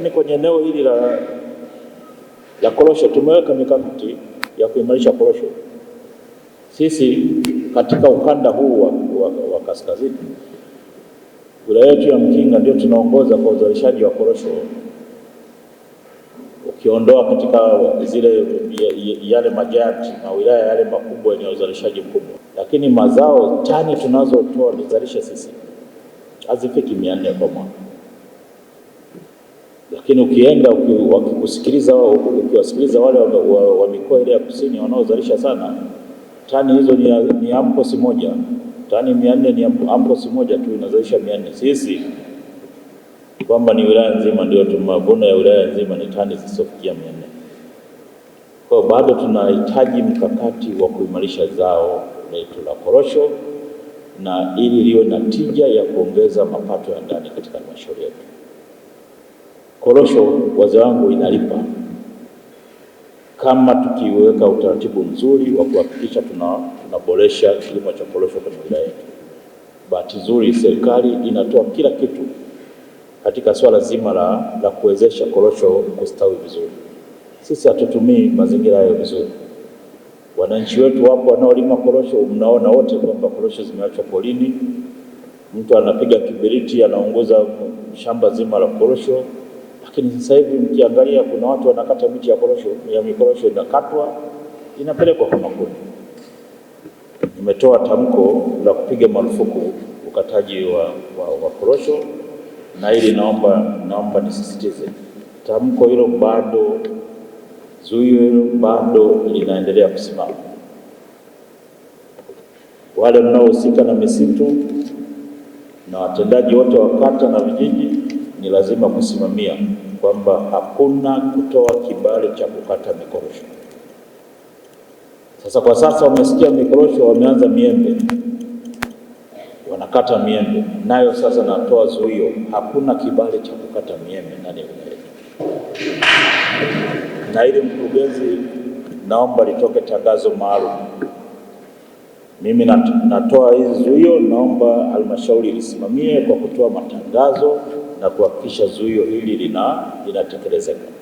lakini kwenye eneo hili la, la korosho tumeweka mikakati ya kuimarisha korosho. Sisi katika ukanda huu wa, wa, wa kaskazini wilaya yetu ya Mkinga ndio tunaongoza kwa uzalishaji wa korosho ukiondoa katika zile yale majanti na wilaya yale makubwa yenye uzalishaji mkubwa, lakini mazao tani tunazotoa tuzalisha sisi hazifiki mia nne kwa mwaka lakini ukienda wao, ukiwasikiliza wale wa, mikoa ile ya kusini wanaozalisha sana tani hizo ni, ni amposi moja tani mia nne ni amposi moja tu inazalisha mia nne Sisi kwamba ni wilaya nzima ndio mavuno ya wilaya nzima ni tani zisizofikia mia nne Kwa bado tunahitaji mkakati wa kuimarisha zao letu la korosho na ili liwe na tija ya kuongeza mapato ya ndani korosho, wazee wangu, inalipa kama tukiweka utaratibu mzuri wa kuhakikisha tunaboresha tuna kilimo cha korosho kwenye wilaya yetu. Bahati nzuri serikali inatoa kila kitu katika swala zima la, la kuwezesha korosho kustawi vizuri. Sisi hatutumii mazingira hayo vizuri. Wananchi wetu wapo wanaolima korosho, mnaona wote kwamba korosho zimeachwa polini, mtu anapiga kibiriti anaongoza shamba zima la korosho. Lakini sasa hivi mkiangalia, kuna watu wanakata miti ya korosho, ya mikorosho inakatwa inapelekwa kwa makundi. Nimetoa tamko la kupiga marufuku ukataji wa, wa, wa korosho, na hili naomba naomba nisisitize tamko hilo, bado zuio hilo bado linaendelea kusimama. Wale mnaohusika na misitu na watendaji wote wa kata na vijiji ni lazima kusimamia kwamba hakuna kutoa kibali cha kukata mikorosho. Sasa kwa sasa wamesikia mikorosho, wameanza miembe, wanakata miembe nayo. Sasa natoa zuio, hakuna kibali cha kukata miembe ndani ya wilaya. Na ili mkurugenzi, naomba litoke tangazo maalum. Mimi natoa hizi zuio, naomba halmashauri lisimamie kwa kutoa matangazo na kuhakikisha zuio hili lina linatekelezeka.